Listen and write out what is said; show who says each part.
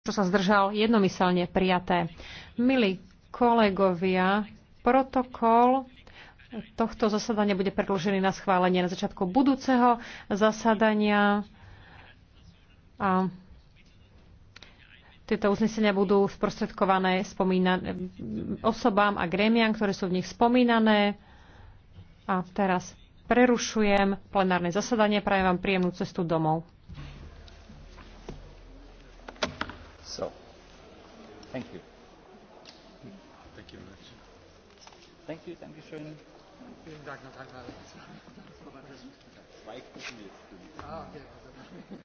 Speaker 1: čo sa zdržal jednomyselne prijaté. Milí kolegovia, protokol tohto zasadania bude predložený na schválenie na začiatku budúceho zasadania. A tieto uznesenia budú sprostredkované osobám a grémiam, ktoré sú v nich spomínané. A teraz prerušujem plenárne zasadanie. Prajem vám príjemnú cestu domov. So,
Speaker 2: thank you. Thank you very much.
Speaker 3: Thank you, danke schön. Vielen Dank noch einmal.
Speaker 4: Zwei Kuchen jetzt.
Speaker 3: Ah, okay.